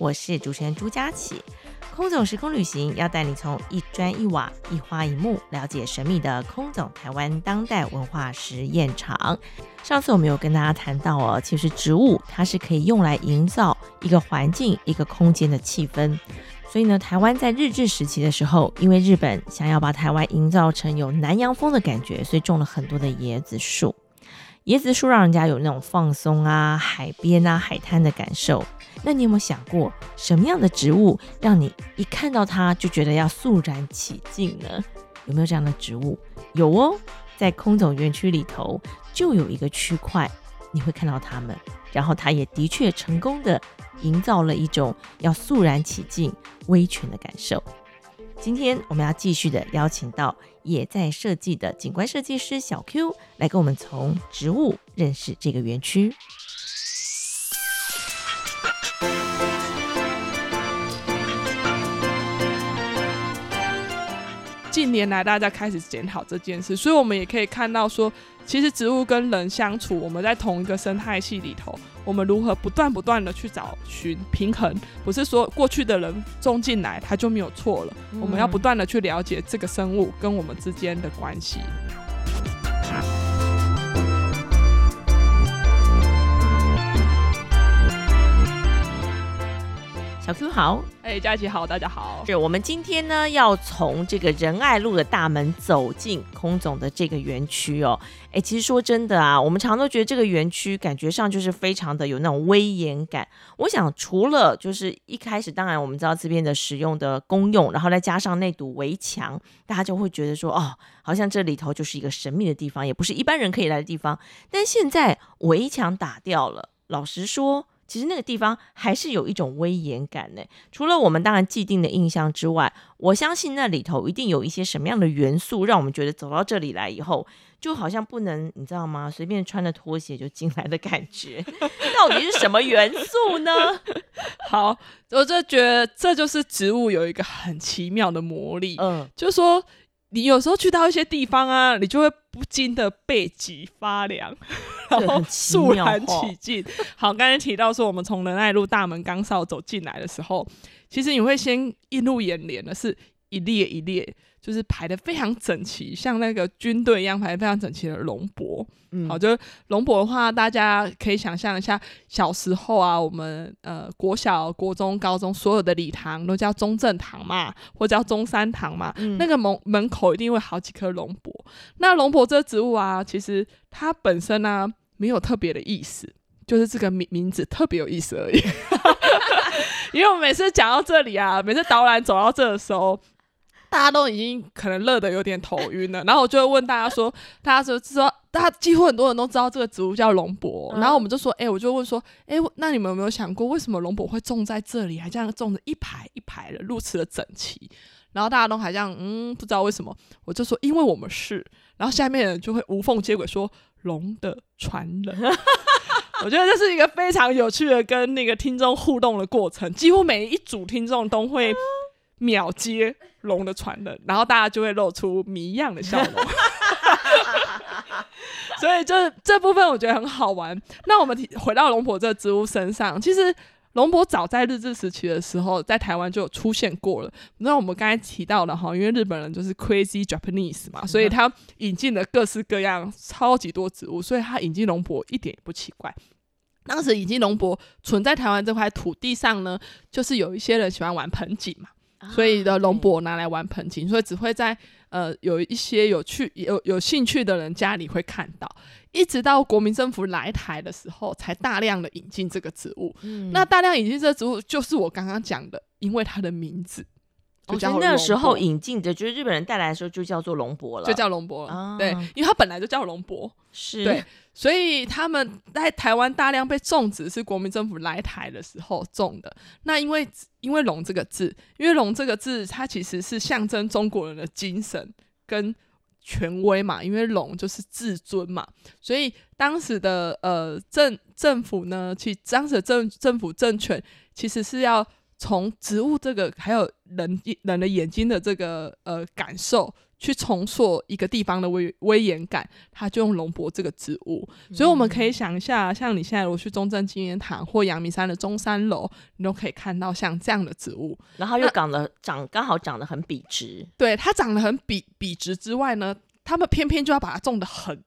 我是主持人朱佳琪。空總時空旅行要帶你從一磚一瓦、一花一木，了解神秘的空總台灣當代文化實驗場。上次我們有跟大家談到哦，其實植物它是可以用來營造一個環境、一個空間的氣氛。所以呢，台灣在日治時期的時候，因為日本想要把台灣營造成有南洋風的感覺，所以種了很多的椰子樹。椰子樹讓人家有那種放鬆啊、海邊啊、海灘的感受。那你有沒有想過，什麼樣的植物讓你一看到它就覺得要肅然起敬呢？有沒有這樣的植物？有哦，在空總園區裡頭就有一個區塊，你會看到它們，然後它也的確成功的營造了一種要肅然起敬、威權的感受。今天我們要繼續的邀請到也在設計的景觀設計師小 Q 來跟我們從植物認識這個園區。近年來，大家開始檢討這件事，所以我們也可以看到說，其實植物跟人相處，我們在同一個生態系統裡頭，我們如何不斷不斷地去找尋平衡，不是說過去的人種進來他就沒有錯了，嗯、我們要不斷地去了解這個生物跟我們之間的關係。小 Q 好，哎、欸，佳琪好，大家好，是我們今天呢要從這個仁愛路的大門走進空總的這個園區哦、欸，其實說真的啊，我們常都覺得這個園區感覺上就是非常的有那種威嚴感。我想除了就是一開始，當然我們知道這邊的使用的公用，然後再加上那堵圍牆，大家就會覺得說哦，好像這裡頭就是一個神秘的地方，也不是一般人可以來的地方。但現在圍牆打掉了，老實說。其實那個地方還是有一種威嚴感呢。除了我們當然既定的印象之外，我相信那裡頭一定有一些什麼樣的元素，讓我們覺得走到這裡來以後，就好像不能，你知道嗎？隨便穿着拖鞋就進來的感覺， 到底是什麼元素呢？ 好，我就覺得這就是植物有一個很奇妙的魔力。嗯，就是說你有時候去到一些地方啊，你就會。不禁的背脊發涼，然後肅然起敬。好，剛才提到說，我們從仁愛路大門崗哨走進來的時候，其實你會先映入眼簾的是。一列一列，就是排得非常整齊，像那個軍隊一樣排得非常整齊的龍柏。嗯、好，就是龍柏的話，大家可以想象一下，小時候啊，我們呃國小、國中、高中所有的禮堂都叫中正堂嘛，或者叫中山堂嘛，嗯、那個門門口一定會好幾棵龍柏。那龍柏這植物啊，其實它本身呢、啊、沒有特別的意思，就是這個名名字特別有意思而已。 因為我們每次講到這裡啊，每次導覽走到這的時候。大家都已經可能熱得有點頭暈了， 然後我就問大家說：“大家說知道，大家幾乎很多人都知道這個植物叫龍柏，嗯、然後我們就說，哎、欸，我就問說，哎、欸，那你們有沒有想過，為什麼龍柏會種在這裡，還這樣種的一排一排的，如此的整齊？然後大家都還這樣，嗯，不知道為什麼，我就說，因為我們是，然後下面人就會無縫接軌說龍的傳人， 我覺得這是一個非常有趣的跟那個聽眾互動的過程，幾乎每一組聽眾都會。嗯”秒接龍的傳人，然後大家就會露出謎一樣的笑容。 所以就是這部分我覺得很好玩。那我們回到龍柏這個植物身上，其實龍柏早在日治時期的時候，在台灣就有出現過了。那我們剛才提到的哈，因為日本人就是 crazy Japanese 嘛，嗯、哼所以他引進了各式各樣超級多植物，所以他引進龍柏一點也不奇怪。當時引進龍柏存在台灣這塊土地上呢，就是有一些人喜歡玩盆景嘛。所以的龍柏拿來玩盆景，啊、所以只會在呃有一些有趣、有有興趣的人家裡會看到。一直到國民政府來台的時候，才大量的引進這個植物。嗯、那大量引進這個植物，就是我剛剛講的，因為它的名字。哦、那時候引進的就是日本人帶來的時候就叫做龍柏了，就叫龍柏了。啊、對，因為它本來就叫龍柏。是。對。所以他們在台灣大量被種植，是國民政府來台的時候種的。那因為因為龍這個字，因為龍這個字它其實是象徵中國人的精神跟權威嘛，因為龍就是至尊嘛。所以當時的呃政政府呢，其實當時的政政府政權其實是要從植物這個還有人人的眼睛的這個呃感受。去重塑一個地方的威威嚴感，他就用龍柏這個植物。嗯、所以我們可以想一下，像你現在如果去中正紀念堂或陽明山的中山樓，你都可以看到像這樣的植物，然後又長得那長，剛好長得很筆直。對，它長得很筆筆直之外呢，他們偏偏就要把它種的很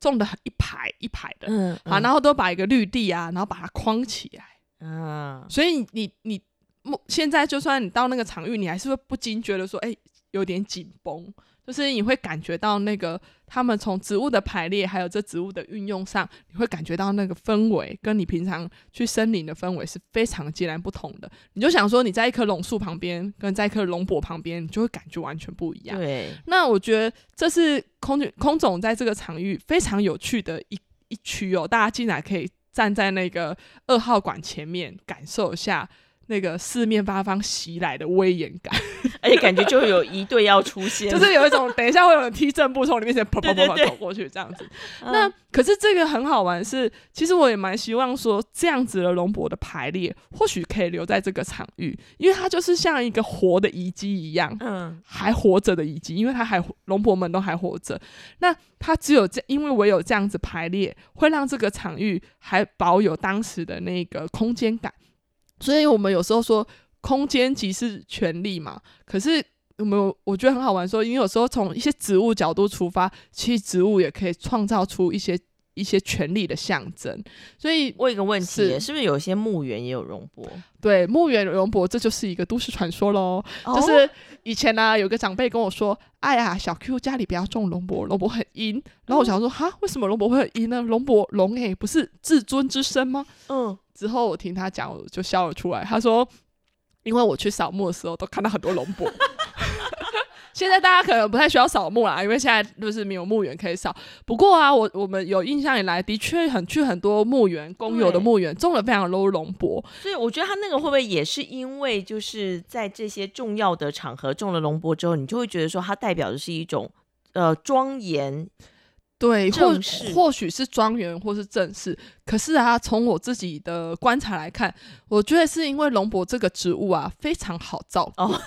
種的一排一排的，啊、嗯嗯，然後都把一個綠地啊，然後把它框起來。嗯，所以你你你，現在就算你到那個場域，你還是會不禁覺得說，哎、欸。有點緊繃，就是你會感覺到那個他們從植物的排列，還有這植物的運用上，你會感覺到那個氛圍，跟你平常去森林的氛圍是非常截然不同的。你就想說，你在一棵榕樹旁邊，跟在一棵龍柏旁邊，你就會感覺完全不一樣。對那我覺得這是空空總在這個場域非常有趣的一一區哦，大家進來可以站在那個二號館前面感受一下，那個四面八方襲來的威嚴感，而且感覺就有一隊要出現， 就是有一種等一下會有人踢正步從你面前跑跑跑跑跑過去這樣子。嗯、那可是這個很好玩是，是其實我也蠻希望說這樣子的龍柏的排列或許可以留在這個場域，因為它就是像一個活的遺跡一樣，嗯，還活着的遺跡，因為它還龍柏們都還活着。那它只有這，因為我有這樣子排列，會讓這個場域還保有當時的那個空間感。所以我們有時候說，空間即是權力嘛。可是有沒有？我覺得很好玩說，說因為有時候從一些植物角度出發，其實植物也可以創造出一些。一些權力的象徵，所以問一個問題：是不是有些墓園也有龍柏？對，墓園有龍柏，這就是一個都市傳說咯。哦、就是以前呢、啊，有個長輩跟我說：“哎呀，小 Q 家裡不要種龍柏，龍柏很陰。”然後我想說：“哈、哦，為什麼龍柏會很陰呢？龍柏龍誒、欸，不是至尊之身嗎？”嗯，之後我聽他講，我就笑了出來。他說：“因為我去掃墓的時候，都看到很多龍柏。” 現在大家可能不太需要掃墓啦，因為現在就是沒有墓園可以掃。不過啊，我我們有印象以來，的確很去很多墓園，公有的墓園，對種了非常多龍柏。所以我覺得他那個會不會也是因為，就是在這些重要的場合種了龍柏之後，你就會覺得說它代表的是一種呃莊嚴，對，式或或許是莊嚴，或是正式。可是啊，從我自己的觀察來看，我覺得是因為龍柏這個植物啊非常好造哦。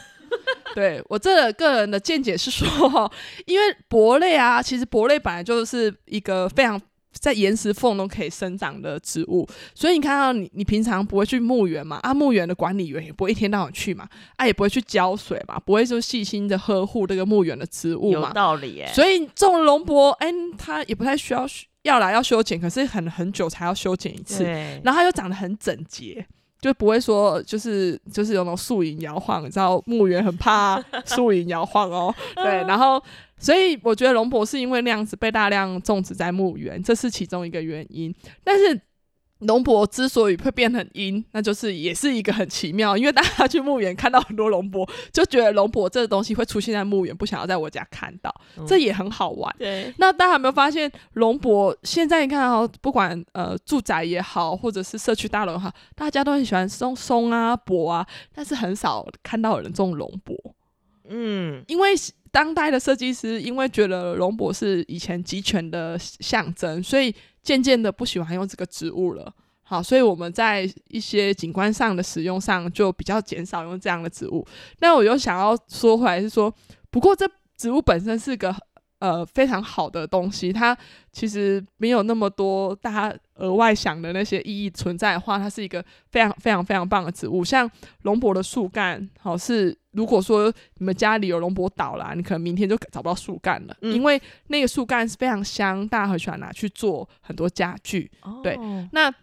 對，我這個個人的見解是說，因為柏類啊，其實柏類本來就是一個非常在岩石縫中可以生長的植物，所以你看到你你平常不會去墓園嘛，啊墓園的管理員也不會一天到晚去嘛，啊也不會去澆水嘛，不會就細心的呵護這個墓園的植物嘛，有道理、欸。所以這種龍柏，哎、欸，它也不太需要要來要修剪，可是很很久才要修剪一次，對然後它又長得很整潔。就不會說，就是就是有那種樹影搖晃，你知道墓園很怕樹影搖晃哦。 對，然後所以我覺得龍柏是因為那樣子被大量種植在墓園，這是其中一個原因，但是。龍柏之所以會變很陰，那就是也是一個很奇妙，因為大家去墓園看到很多龍柏，就覺得龍柏這個東西會出現在墓園，不想要在我家看到，這也很好玩。嗯、對，那大家有沒有發現，龍柏現在你看啊，不管呃住宅也好，或者是社區大樓哈，大家都很喜歡種松，松啊柏啊，但是很少看到有人種龍柏。嗯，因為當代的設計師因為覺得龍柏是以前極權的象徵，所以。漸漸的不喜歡用這個植物了，好，所以我們在一些景觀上的使用上就比較減少用這樣的植物。那我又想要說回來是說，不過這植物本身是個呃非常好的東西，它其實沒有那麼多大家額外想的那些意義存在的話，它是一個非常非常非常棒的植物，像龍柏的樹幹，好是。如果說你們家裡有龍柏倒了，你可能明天就找不到樹幹了，嗯、因為那個樹幹是非常香，大家很喜歡拿去做很多家具。哦、對，那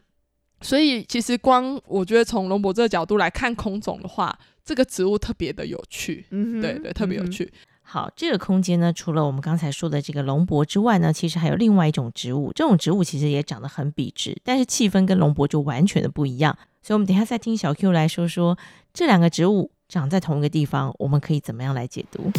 所以其實光我覺得從龍柏這個角度來看空總的話，這個植物特別的有趣。嗯哼，對對，特別有趣，嗯。好，這個空間呢，除了我們剛才說的這個龍柏之外呢，其實還有另外一種植物，這種植物其實也長得很筆直，但是氣氛跟龍柏就完全的不一樣。所以我們等一下再聽小 Q 來說說這兩個植物。長在同一個地方，我們可以怎麼樣來解讀？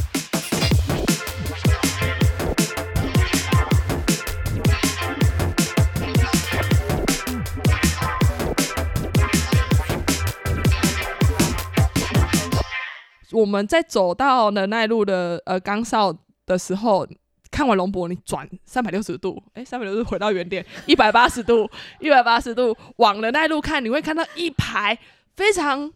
我們在走到能奈路的呃崗哨的時候，看完龍柏，你轉三百六十度，哎、欸，三百六十度回到原點，一百八十度，一百八十度往能奈路看，你會看到一排非常。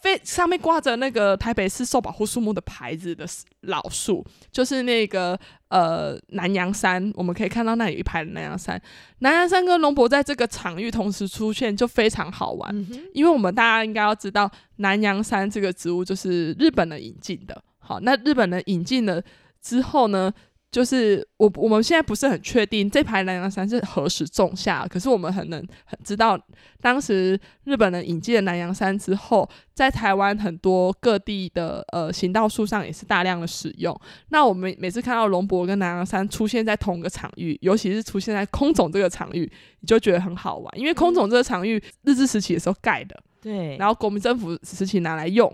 非上面掛着那個台北市受保護樹木的牌子的老樹，就是那個呃南洋杉，我們可以看到那裡有一排的南洋杉。南洋杉跟龍柏在這個場域同時出現，就非常好玩，嗯、哼因為我們大家應該要知道，南洋杉這個植物就是日本人引進的。好，那日本人引進了之後呢？就是我我們現在不是很確定這排南洋杉是何時種下，可是我們很能很知道，當時日本人引進了南洋杉之後，在台灣很多各地的呃行道樹上也是大量的使用。那我們每次看到龍柏跟南洋杉出現在同個場域，尤其是出現在空總這個場域，你就覺得很好玩，因為空總這個場域日治時期的時候蓋的，對，然後國民政府時期拿來用。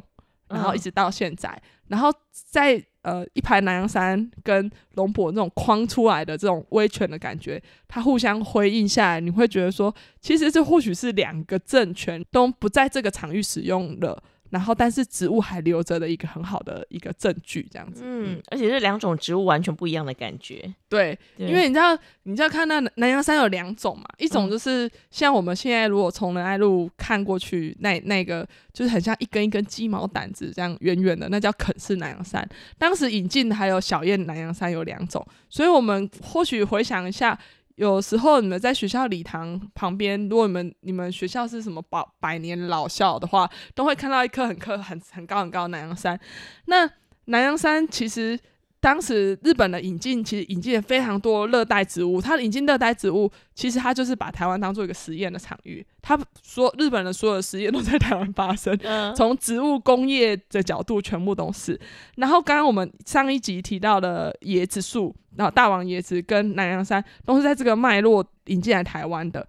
然後一直到現在，哦、然後在呃一排南洋杉跟龍柏那種框出來的這種威權的感覺，它互相回應下來，你會覺得說，其實這或許是兩個政權都不在這個場域使用的。然後，但是植物還留着的一個很好的一個證據，這樣子。嗯，嗯而且是兩種植物完全不一樣的感覺。對，對因為你知道，你知道看到南洋杉有兩種嘛，一種就是像我們現在如果從仁愛路看過去那，那、嗯、那個就是很像一根一根雞毛掸子這樣遠遠的，那叫肯氏南洋杉。當時引進還有小葉南洋杉有兩種，所以我們或許回想一下。有時候你們在學校禮堂旁邊，如果你們你們學校是什麼百百年老校的話，都會看到一棵很棵很很高很高的南洋杉。那南洋杉其實，當時日本的引進，其實引進了非常多熱帶植物。他引進熱帶植物，其實他就是把台灣當做一個實驗的場域。他說，日本的所有的實驗都在台灣發生。從植物工業的角度，全部都是。然後，剛剛我們上一集提到的椰子樹，然後大王椰子跟南洋杉，都是在這個脈絡引進來台灣的。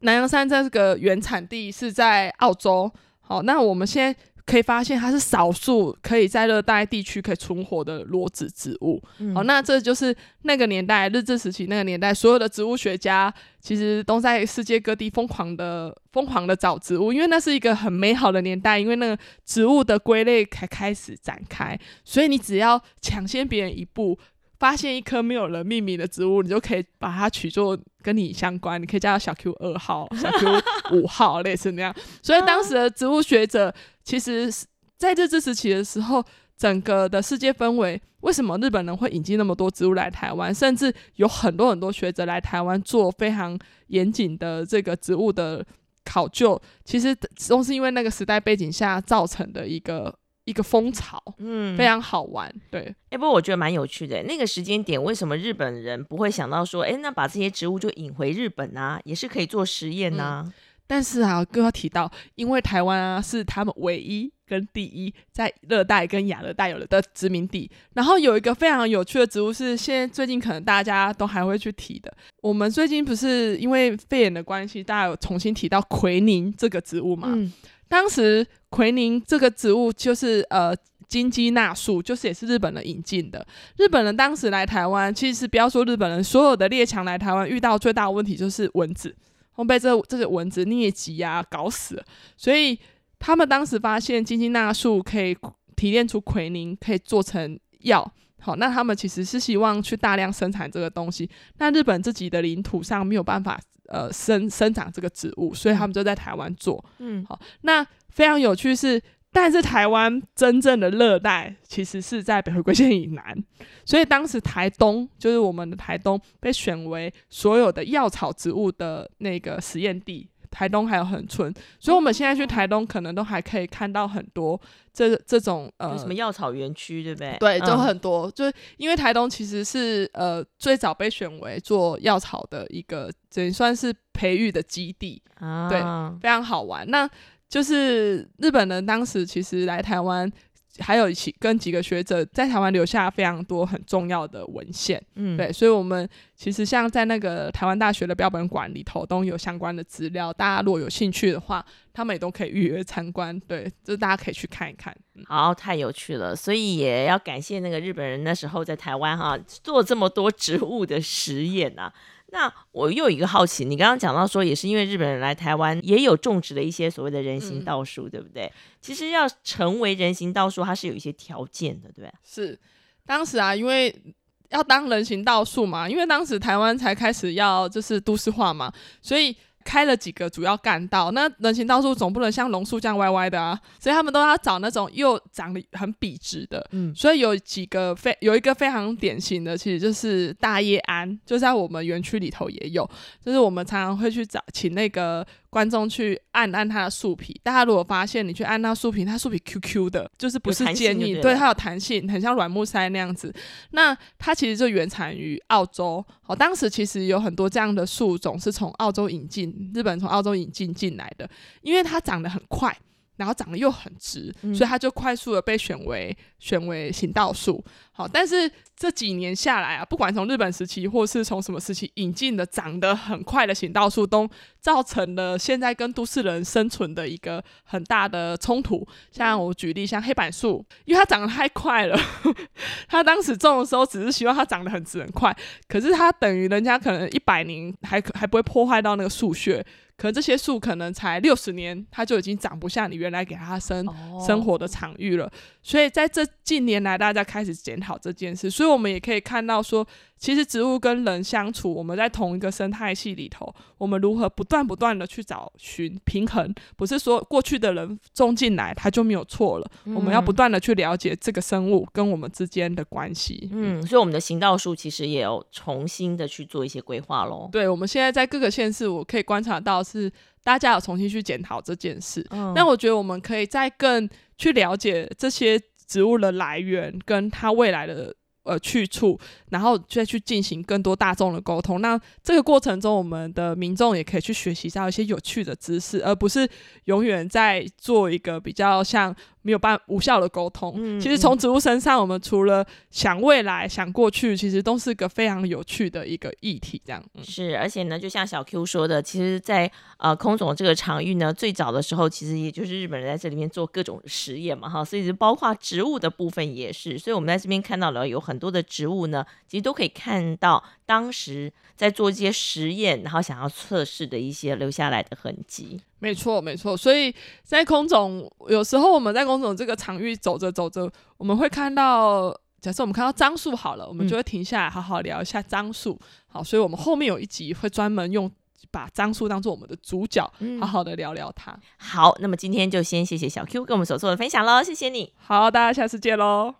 南洋杉在這個原產地是在澳洲。好、哦，那我們先。可以發現，它是少數可以在熱帶地區可以存活的裸子植物。好、嗯哦，那這就是那個年代日治時期那個年代所有的植物學家，其實都在世界各地瘋狂的、瘋狂的找植物，因為那是一個很美好的年代，因為那個植物的歸類才開始展開，所以你只要搶先別人一步。發現一棵沒有人命名的植物，你就可以把它取作跟你相關，你可以叫它小 Q 二號、小 Q 五號類似那樣。 所以當時的植物學者，其實在日治時期的時候，整個的世界氛圍，為什麼日本人會引進那麼多植物來台灣，甚至有很多很多學者來台灣做非常嚴謹的這個植物的考究，其實都是因為那個時代背景下造成的一個一個風潮，嗯，非常好玩，對。哎、欸，不過我覺得蠻有趣的，欸。那個時間點，為什麼日本人不會想到說，哎、欸，那把這些植物就引回日本啊，也是可以做實驗呢，啊嗯。但是啊，更要提到，因為台灣啊是他們唯一跟第一在熱帶跟亞熱帶有的殖民地。然後有一個非常有趣的植物，是現在最近可能大家都還會去提的。我們最近不是因為肺炎的關係，大家有重新提到奎寧這個植物嘛？嗯當時奎寧這個植物就是呃金雞納樹，就是也是日本人引進的。日本人當時來台灣，其實是不要說日本人，所有的列強來台灣遇到最大的問題就是蚊子，會被這這些、個、蚊子瘧疾啊搞死了。所以他們當時發現金雞納樹可以提煉出奎寧，可以做成藥。好，那他們其實是希望去大量生產這個東西。那日本自己的領土上沒有辦法呃生生長這個植物，所以他們就在台灣做。嗯，好，那非常有趣是，但是台灣真正的熱帶其實是在北回歸線以南，所以當時台東就是我們的台東被選為所有的藥草植物的那個實驗地。台東還有恆春，所以我們現在去台東，可能都還可以看到很多這這種呃什麼藥草園區，對不對？對，都很多，嗯、就是因為台東其實是呃最早被選為做藥草的一個也算是培育的基地，啊、對，非常好玩。那就是日本人當時其實來台灣。還有一起跟幾個學者在台灣留下非常多很重要的文獻，嗯，對，所以我們其實像在那個台灣大學的標本館裡頭都有相關的資料，大家如果有興趣的話，他們也都可以預約參觀，對，就大家可以去看一看。嗯、好，太有趣了，所以也要感謝那個日本人那時候在台灣哈、啊、做這麼多植物的實驗吶、啊。那我又有一個好奇，你剛剛講到說，也是因為日本人來台灣，也有種植了一些所謂的人行道樹，嗯、對不對？其實要成為人行道樹，它是有一些條件的，對吧？是，當時啊，因為要當人行道樹嘛，因為當時台灣才開始要就是都市化嘛，所以。開了幾個主要幹道，那人行道樹總不能像榕樹這樣歪歪的啊，所以他們都要找那種又長得很筆直的。嗯，所以有幾個非有一個非常典型的，其實就是大葉桉，就在我們園區裡頭也有，就是我們常常會去找，請那個。觀眾去按按它的樹皮，大家如果發現你去按它樹皮，它樹皮 Q Q 的，就是不是堅硬，對,對，它有彈性，很像軟木塞那樣子。那它其實就原產於澳洲，好、哦，當時其實有很多這樣的樹種是從澳洲引進，日本從澳洲引進進來的，因為它長得很快。然後長得又很直，所以它就快速的被選為、嗯、選為行道樹。好，但是這幾年下來啊，不管從日本時期或是從什麼時期引進的長得很快的行道樹，都造成了現在跟都市人生存的一個很大的衝突。像我舉例，像黑板樹，因為它長得太快了，呵呵，它當時種的時候只是希望它長得很直很快，可是它等於人家可能一百年還還不會破壞到那個樹穴。可這些樹可能才六十年，它就已經長不下你原來給它生生活的場域了。Oh. 所以在這近年來，大家開始檢討這件事。所以，我們也可以看到說，其實植物跟人相處，我們在同一個生態系裡頭，我們如何不斷不斷的去找尋平衡，不是說過去的人種進來，它就沒有錯了。嗯、我們要不斷的去了解這個生物跟我們之間的關係。嗯，嗯所以我們的行道樹其實也有重新的去做一些規劃嘍。對，我們現在在各個縣市，我可以觀察到。是大家要重新去檢討這件事，嗯，那我覺得我們可以再更去了解這些植物的來源，跟它未來的呃去處，然後再去進行更多大眾的溝通。那這個過程中，我們的民眾也可以去學習到一些有趣的知識，而不是永遠在做一個比較像。沒有辦法無效的溝通。其實從植物身上，我們除了想未來、嗯、想過去，其實都是一個非常有趣的一個議題。這樣、嗯、是，而且呢，就像小 Q 說的，其實在，在呃空總這個場域呢，最早的時候，其實也就是日本人在這裡面做各種實驗嘛，哈，所以就包括植物的部分也是。所以我們在這邊看到了有很多的植物呢，其實都可以看到。當時在做一些實驗，然後想要測試的一些留下來的痕跡。沒錯，沒錯。所以在空總，有時候我們在空總這個場域走着走着，我們會看到，假設我們看到樟樹好了，我們就會停下來好好聊一下樟樹。嗯、好，所以我們後面有一集會專門用把樟樹當做我們的主角，好好的聊聊它、嗯。好，那麼今天就先謝謝小 Q 跟我們所做的分享嘍，謝謝你。好，大家下次見嘍。